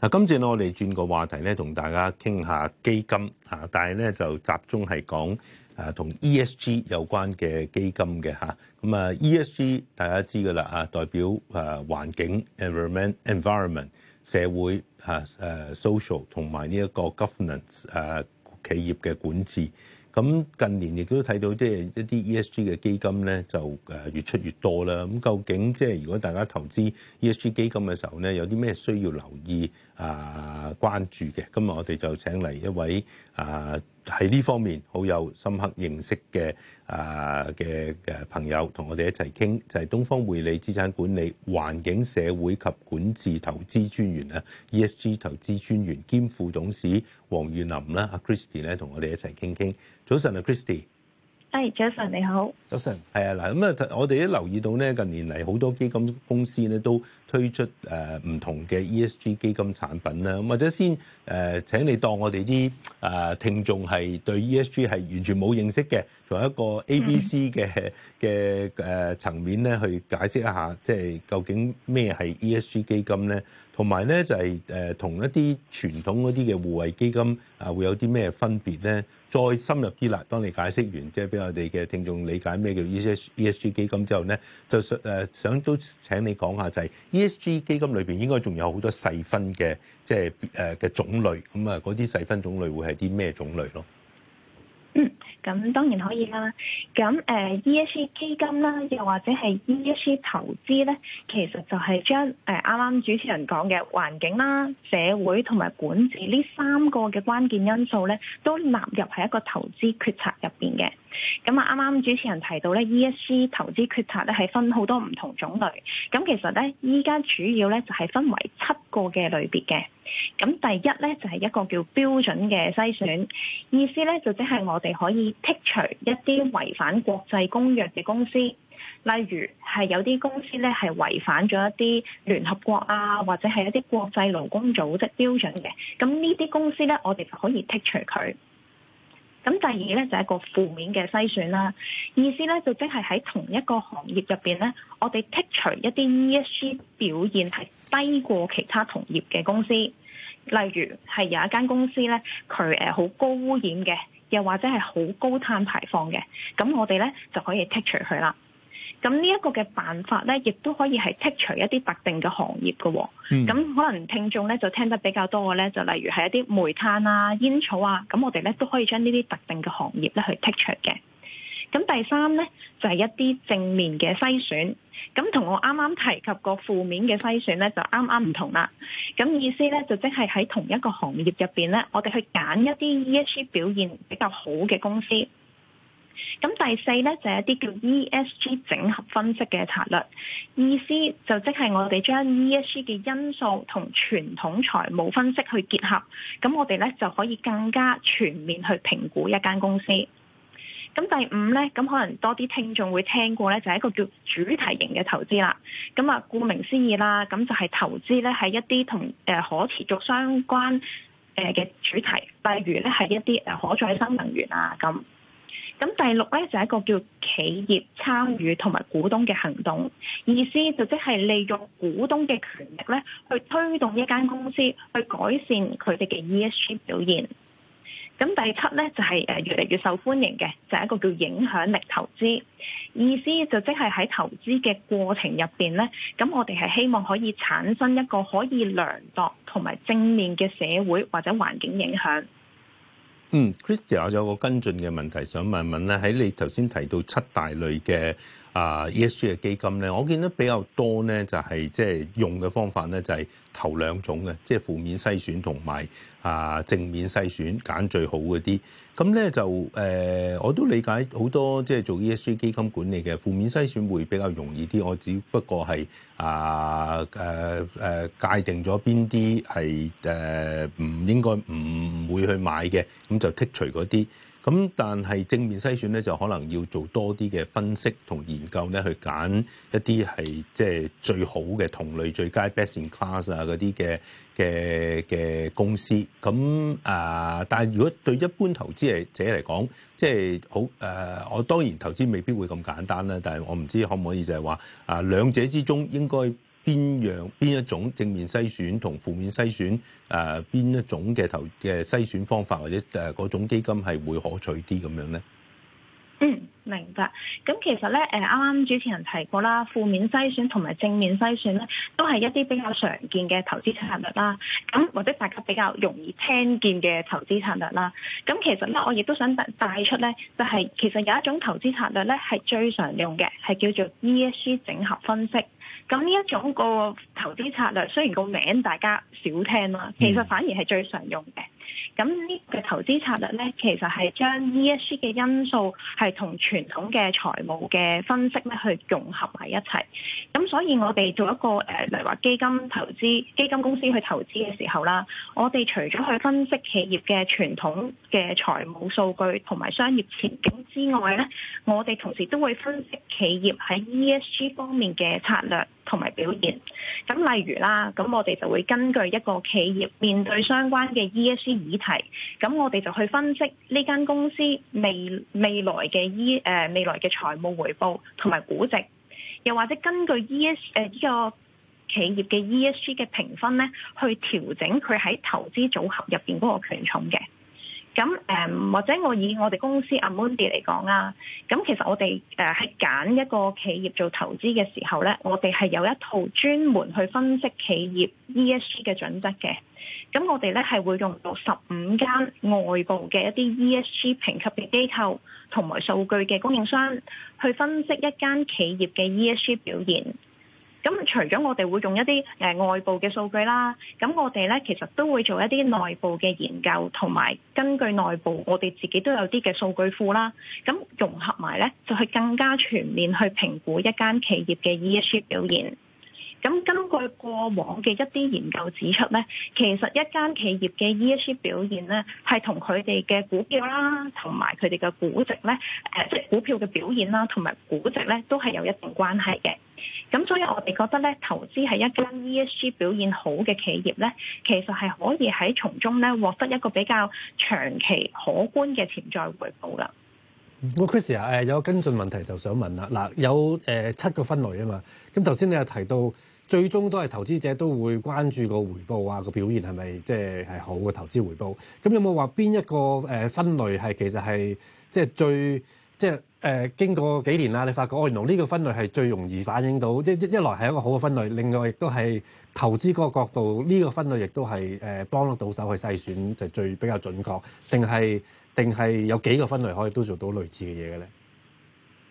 嗱，今次咧我哋轉個話題咧，同大家傾下基金嚇，但係咧就集中係講誒同 ESG 有關嘅基金嘅嚇。咁啊，ESG 大家知㗎啦嚇，代表誒、啊、環境 (environment)、社會嚇誒、啊啊、social 同埋呢一個 governance 誒、啊、企業嘅管治。咁近年亦都睇到，即係一啲 ESG 嘅基金咧，就誒越出越多啦。咁究竟即係如果大家投資 ESG 基金嘅時候咧，有啲咩需要留意啊關注嘅？今日我哋就請嚟一位啊。喺呢方面好有深刻認識嘅啊嘅誒朋友同我哋一齊傾，就係、是、東方匯理資產管理環境社會及管治投資專員啊，ESG 投資專員兼副董事黃裕琳啦，阿、啊、Christy 咧同我哋一齊傾傾。早晨啊，Christy。係 Christ，早晨你好。早晨係啊。嗱，咁啊，我哋都留意到咧，近年嚟好多基金公司咧都推出誒唔、呃、同嘅 ESG 基金產品啦。咁或者先誒、呃、請你當我哋啲。誒聽眾係對 ESG 係完全冇認識嘅，從一個 ABC 嘅嘅誒、呃、層面咧去解釋一下，即係究竟咩係 ESG 基金咧？同埋咧就係誒同一啲傳統嗰啲嘅護衞基金啊，會有啲咩分別咧？再深入啲啦，當你解釋完即係俾我哋嘅聽眾理解咩叫 E S E S G 基金之後咧，就想誒想都請你講下就係 E S G 基金裏邊應該仲有好多細分嘅即係誒嘅種類咁啊，嗰啲細分種類會係啲咩種類咯？咁當然可以啦。咁誒、呃、ESG 基金啦，又或者係 ESG 投資咧，其實就係將誒啱啱主持人講嘅環境啦、社會同埋管治呢三個嘅關鍵因素咧，都納入喺一個投資決策入邊嘅。咁啊，啱啱主持人提到咧，ESG 投資決策咧係分好多唔同種類。咁其實咧，依家主要咧就係分為七個嘅類別嘅。咁第一咧就係一個叫標準嘅篩選，意思咧就即係我哋可以剔除一啲違反國際公約嘅公司，例如係有啲公司咧係違反咗一啲聯合國啊或者係一啲國際勞工組織標準嘅。咁呢啲公司咧，我哋就可以剔除佢。咁第二咧就係一個負面嘅篩選啦，意思咧就即係喺同一個行業入邊咧，我哋剔除一啲 ESG 表現係低過其他同業嘅公司，例如係有一間公司咧，佢誒好高污染嘅，又或者係好高碳排放嘅，咁我哋咧就可以剔除佢啦。咁呢一個嘅辦法咧，亦都可以係剔除一啲特定嘅行業嘅、哦。咁、嗯、可能聽眾咧就聽得比較多嘅咧，就例如係一啲煤炭啊、煙草啊。咁我哋咧都可以將呢啲特定嘅行業咧去剔除嘅。咁第三咧就係、是、一啲正面嘅篩選。咁同我啱啱提及過負面嘅篩選咧，就啱啱唔同啦。咁意思咧就即係喺同一個行業入邊咧，我哋去揀一啲 E S G 表現比較好嘅公司。咁第四咧就係一啲叫 ESG 整合分析嘅策略，意思就即係我哋將 ESG 嘅因素同傳統財務分析去結合，咁我哋咧就可以更加全面去評估一間公司。咁第五咧，咁可能多啲聽眾會聽過咧，就係一個叫主題型嘅投資啦。咁啊，顧名思義啦，咁就係投資咧喺一啲同誒可持續相關誒嘅主題，例如咧係一啲誒可再生能源啊咁。咁第六咧就係、是、一個叫企業參與同埋股東嘅行動，意思就即係利用股東嘅權力咧，去推動一間公司去改善佢哋嘅 ESG 表現。咁第七咧就係、是、誒越嚟越受歡迎嘅，就係、是、一個叫影響力投資，意思就即係喺投資嘅過程入邊咧，咁我哋係希望可以產生一個可以量度同埋正面嘅社會或者環境影響。嗯 Chris 我有個跟進嘅問題想問問咧，喺你頭先提到七大類嘅。啊 ESG 嘅基金咧，我見得比較多咧，就係即係用嘅方法咧，就係頭兩種嘅，即係負面篩選同埋啊正面篩選，揀最好嗰啲。咁咧就誒，uh, 我都理解好多，即係做 ESG 基金管理嘅負面篩選會比較容易啲。我只不過係啊誒誒界定咗邊啲係誒唔應該唔唔會去買嘅，咁就剔除嗰啲。咁但係正面篩選咧，就可能要做多啲嘅分析同研究咧，去揀一啲係即係最好嘅同類最佳 best in class 啊嗰啲嘅嘅嘅公司。咁啊、呃，但係如果對一般投資者嚟講，即係好誒，我當然投資未必會咁簡單啦。但係我唔知可唔可以就係話啊兩者之中應該。邊樣，邊一種正面篩選同負面篩選？誒、呃、邊一種嘅投嘅篩選方法或者誒嗰種基金係會可取啲咁樣咧？嗯，明白。咁其實咧，誒啱啱主持人提過啦，負面篩選同埋正面篩選咧，都係一啲比較常見嘅投資策略啦。咁或者大家比較容易聽見嘅投資策略啦。咁其實咧，我亦都想帶出咧，就係、是、其實有一種投資策略咧，係最常用嘅，係叫做 ESG 整合分析。咁呢一種個投資策略雖然個名大家少聽啦，其實反而係最常用嘅。咁呢個投資策略咧，其實係將 ESG 嘅因素係同傳統嘅財務嘅分析咧去融合埋一齊。咁所以我哋做一個誒，例如話基金投資基金公司去投資嘅時候啦，我哋除咗去分析企業嘅傳統嘅財務數據同埋商業前景之外咧，我哋同時都會分析企業喺 ESG 方面嘅策略同埋表現。咁例如啦，咁我哋就會根據一個企業面對相關嘅 ESG 議題，咁我哋就去分析呢間公司未未來嘅 E 誒未來嘅財務回報同埋估值，又或者根據 ES 誒、呃、呢、呢個企業嘅 ESG 嘅評分咧，去調整佢喺投資組合入邊嗰個權重嘅。咁誒、嗯，或者我以我哋公司 Amundi 嚟講啊，咁其實我哋誒喺揀一個企業做投資嘅時候咧，我哋係有一套專門去分析企業 ESG 嘅準則嘅。咁我哋咧係會用到十五間外部嘅一啲 ESG 評級嘅機構同埋數據嘅供應商去分析一間企業嘅 ESG 表現。咁、嗯、除咗我哋會用一啲誒、呃、外部嘅數據啦，咁、嗯、我哋咧其實都會做一啲內部嘅研究，同埋根據內部我哋自己都有啲嘅數據庫啦，咁、嗯、融合埋咧就係更加全面去評估一間企業嘅 ESG 表現。咁根據過往嘅一啲研究指出咧，其實一間企業嘅 E S G 表現咧，係同佢哋嘅股票啦，同埋佢哋嘅估值咧，誒，即係股票嘅表現啦，同埋估值咧，都係有一定關係嘅。咁所以我哋覺得咧，投資喺一間 E S G 表現好嘅企業咧，其實係可以喺從中咧獲得一個比較長期可觀嘅潛在回報㗎。Chris 啊，誒有個跟進問題就想問啦。嗱，有誒七個分類啊嘛。咁頭先你又提到，最終都係投資者都會關注個回報啊，個表現係咪即係係好嘅投資回報？咁有冇話邊一個誒分類係其實係即係最即係誒經過幾年啦，你發覺原來呢個分類係最容易反映到，即一一來係一個好嘅分類，另外亦都係投資嗰個角度呢、呢個分類亦都係誒幫到手去篩選就是、最比較準確，定係？定係有幾個分類可以都做到類似嘅嘢嘅咧？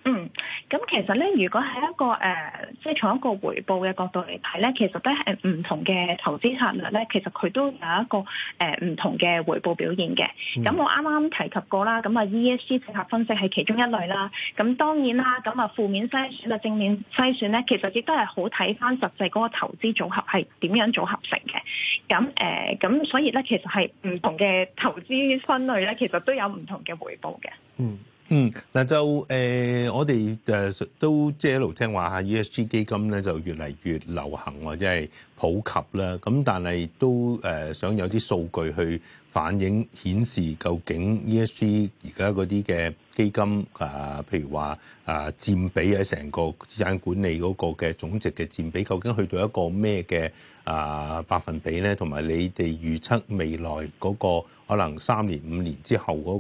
嗯，咁其實咧，如果係一個誒、呃，即係從一個回報嘅角度嚟睇咧，其實咧係唔同嘅投資策略咧，其實佢都有一個誒唔、呃、同嘅回報表現嘅。咁、嗯、我啱啱提及過啦，咁啊 ESG 整合分析係其中一類啦。咁當然啦，咁啊負面篩選啊正面篩選咧，其實亦都係好睇翻實際嗰個投資組合係點樣組合成嘅。咁誒，咁、呃、所以咧，其實係唔同嘅投資分類咧，其實都有唔同嘅回報嘅。嗯。嗯，嗱就誒、呃，我哋誒都即係一路聽話嚇，ESG 基金咧就越嚟越流行或者係普及啦。咁但係都誒、呃、想有啲數據去反映顯示究竟 ESG 而家嗰啲嘅。基金啊，譬如話啊，佔比喺成個資產管理嗰個嘅總值嘅佔比，究竟去到一個咩嘅啊百分比咧？同埋你哋預測未來嗰個可能三年五年之後嗰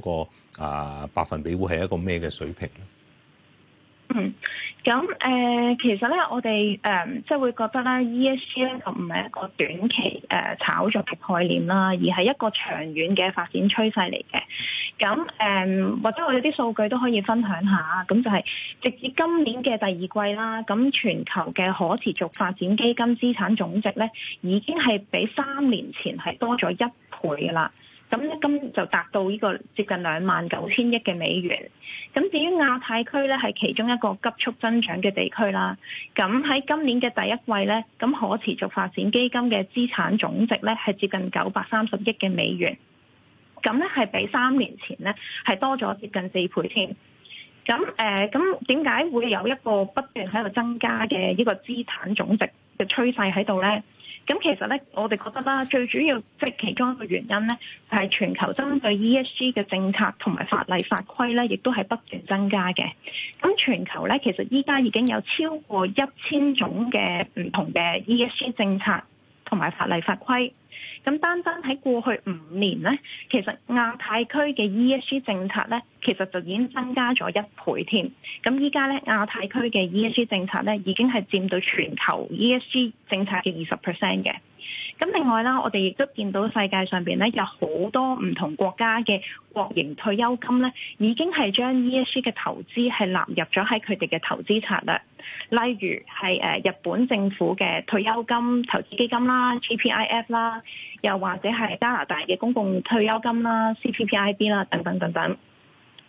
個啊百分比會係一個咩嘅水平咧？嗯，咁誒、呃，其實咧，我哋誒、呃、即係會覺得咧，ESG 咧就唔係一個短期誒、呃、炒作嘅概念啦，而係一個長遠嘅發展趨勢嚟嘅。咁誒、呃，或者我哋啲數據都可以分享下，咁就係直至今年嘅第二季啦，咁全球嘅可持續發展基金資產總值咧已經係比三年前係多咗一倍啦。咁咧，今就達到呢個接近兩萬九千億嘅美元。咁至於亞太區咧，係其中一個急速增長嘅地區啦。咁喺今年嘅第一季咧，咁可持續發展基金嘅資產總值咧，係接近九百三十億嘅美元。咁咧係比三年前咧係多咗接近四倍添。咁誒，咁點解會有一個不斷喺度增加嘅呢個資產總值嘅趨勢喺度咧？咁其實咧，我哋覺得啦，最主要即係其中一個原因咧，就係全球針對 ESG 嘅政策同埋法例法規咧，亦都係不斷增加嘅。咁全球咧，其實依家已經有超過一千種嘅唔同嘅 ESG 政策同埋法例法規。咁單單喺過去五年咧，其實亞太區嘅 ESG 政策咧，其實就已經增加咗一倍添，咁依家咧，亞太區嘅 ESG 政策咧，已經係佔到全球 ESG 政策嘅二十 percent 嘅。咁另外啦，我哋亦都見到世界上面咧，有好多唔同國家嘅國營退休金咧，已經係將 ESG 嘅投資係納入咗喺佢哋嘅投資策略，例如係誒日本政府嘅退休金投資基金啦、GPIF 啦，又或者係加拿大嘅公共退休金啦、CPPIB 啦等等等等。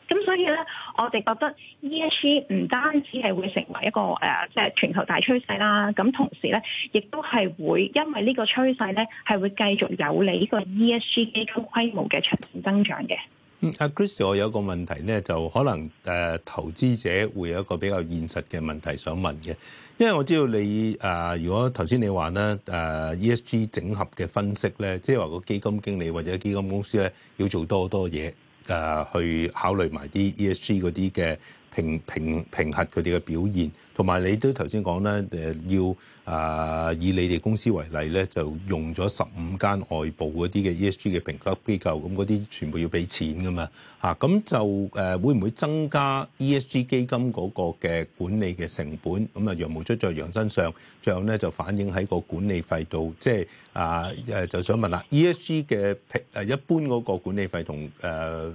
咁所以咧，我哋覺得 ESG 唔單止係會成為一個誒，即係全球大趨勢啦。咁同時咧，亦都係會因為呢個趨勢咧，係會繼續有利呢個 ESG 基金規模嘅長線增長嘅。嗯，阿 Chris，我有個問題咧，就可能誒、啊、投資者會有一個比較現實嘅問題想問嘅，因為我知道你誒、啊，如果頭先你話咧誒、啊、ESG 整合嘅分析咧，即係話個基金經理或者基金公司咧，要做多多嘢。誒、啊，去考慮埋啲 ESG 嗰啲嘅。平平平核佢哋嘅表現同埋你都頭先講咧，誒要啊、呃、以你哋公司為例咧，就用咗十五間外部嗰啲嘅 ESG 嘅評級機構，咁嗰啲全部要俾錢噶嘛，吓、啊，咁就誒、呃、會唔會增加 ESG 基金嗰個嘅管理嘅成本？咁啊羊毛出在羊身上，最後咧就反映喺個管理費度，即係啊誒就想問啦，ESG 嘅誒、呃、一般嗰個管理費同誒誒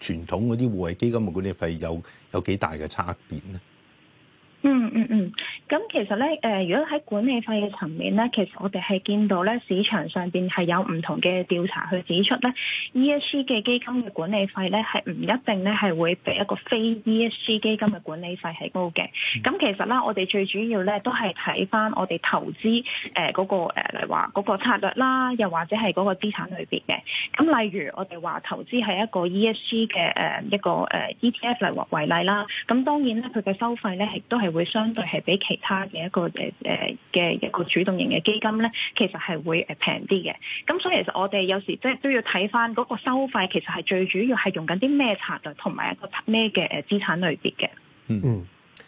傳統嗰啲互惠基金嘅管理費有有幾。幾大嘅差別咧？嗯嗯嗯，咁、嗯嗯、其實咧，誒、呃，如果喺管理費嘅層面咧，其實我哋係見到咧，市場上邊係有唔同嘅調查去指出咧，E S G 嘅基金嘅管理費咧係唔一定咧係會比一個非 E S G 基金嘅管理費係高嘅。咁、嗯、其實啦，我哋最主要咧都係睇翻我哋投資誒嗰、呃那個誒嚟話嗰個策略啦，又或者係嗰個資產類別嘅。咁例如我哋話投資係一個 E S G 嘅誒、呃、一個誒、呃、E T F 嚟為例啦，咁當然咧佢嘅收費咧亦都係，會相對係比其他嘅一個誒誒嘅一個主動型嘅基金咧，其實係會誒平啲嘅。咁所以其實我哋有時即係都要睇翻嗰個收費，其實係最主要係用緊啲咩策略，同埋一個咩嘅誒資產類別嘅。嗯，嗯，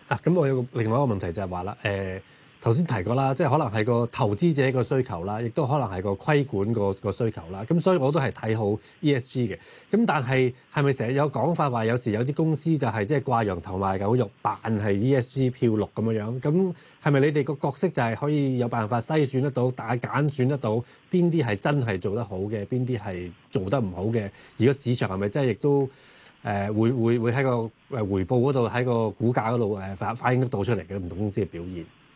啊，咁我有個另外一個問題就係話啦，誒、呃。頭先提過啦，即係可能係個投資者個需求啦，亦都可能係個規管個個需求啦。咁所以我都係睇好 ESG 嘅。咁但係係咪成日有講法話有時有啲公司就係、是、即係掛羊頭賣狗肉，扮係 ESG 漂綠咁樣樣。咁係咪你哋個角色就係可以有辦法篩選得到，大家揀選得到邊啲係真係做得好嘅，邊啲係做得唔好嘅？而個市場係咪真係亦都誒、呃、會會會喺個誒回報嗰度喺個股價嗰度誒反反映得到出嚟嘅唔同公司嘅表現？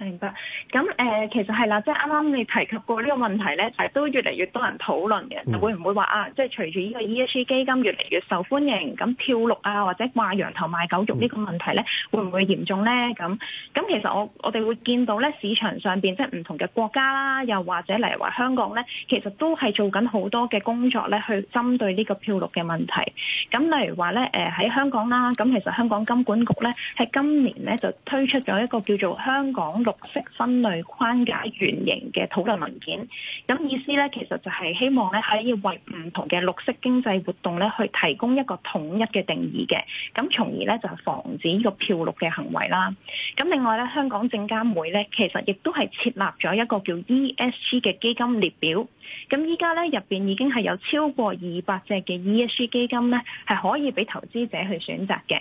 明白，咁誒、呃，其實係啦、啊，即係啱啱你提及過呢個問題咧，係、就是、都越嚟越多人討論嘅，就會唔會話啊？即係隨住呢個 ESG 基金越嚟越受歡迎，咁漂綠啊，或者掛羊頭賣狗肉呢個問題咧，會唔會嚴重咧？咁咁其實我我哋會見到咧，市場上邊即係唔同嘅國家啦，又或者例如話香港咧，其實都係做緊好多嘅工作咧，去針對呢個漂綠嘅問題。咁例如話咧，誒、呃、喺香港啦，咁其實香港金管局咧，係今年咧就推出咗一個叫做香港綠色分類框架原型嘅討論文件，咁意思咧，其實就係希望咧，可以為唔同嘅綠色經濟活動咧，去提供一個統一嘅定義嘅，咁從而咧就防止呢個漂綠嘅行為啦。咁另外咧，香港證監會咧，其實亦都係設立咗一個叫 E S G 嘅基金列表，咁依家咧入邊已經係有超過二百隻嘅 E S G 基金咧，係可以俾投資者去選擇嘅。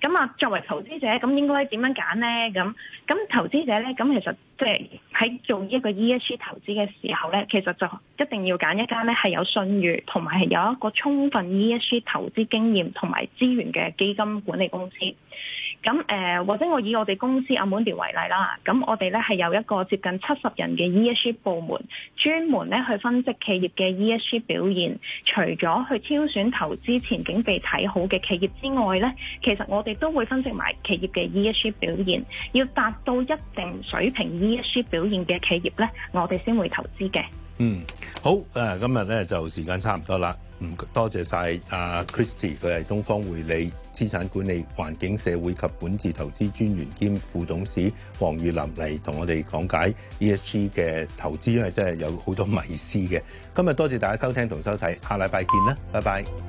咁啊，作為投資者，咁應該點樣揀呢？咁咁投資者呢，咁其實即係喺做一個 ESG 投資嘅時候呢，其實就一定要揀一間呢係有信譽同埋係有一個充分 ESG 投資經驗同埋資源嘅基金管理公司。咁誒、呃，或者我以我哋公司 Amundi 為例啦。咁我哋咧係有一個接近七十人嘅 ESG 部門，專門咧去分析企業嘅 ESG 表現。除咗去挑選投資前景被睇好嘅企業之外咧，其實我哋都會分析埋企業嘅 ESG 表現。要達到一定水平 ESG 表現嘅企業咧，我哋先會投資嘅。嗯，好。誒、呃，今日咧就時間差唔多啦。多謝晒 Christy，佢係東方匯理資產管理，環境、社會及管治投資專員兼副董事黃裕琳嚟同我哋講解 ESG 嘅投資，因為真係有好多迷思嘅。今日多謝大家收聽同收睇，下禮拜見啦，拜拜。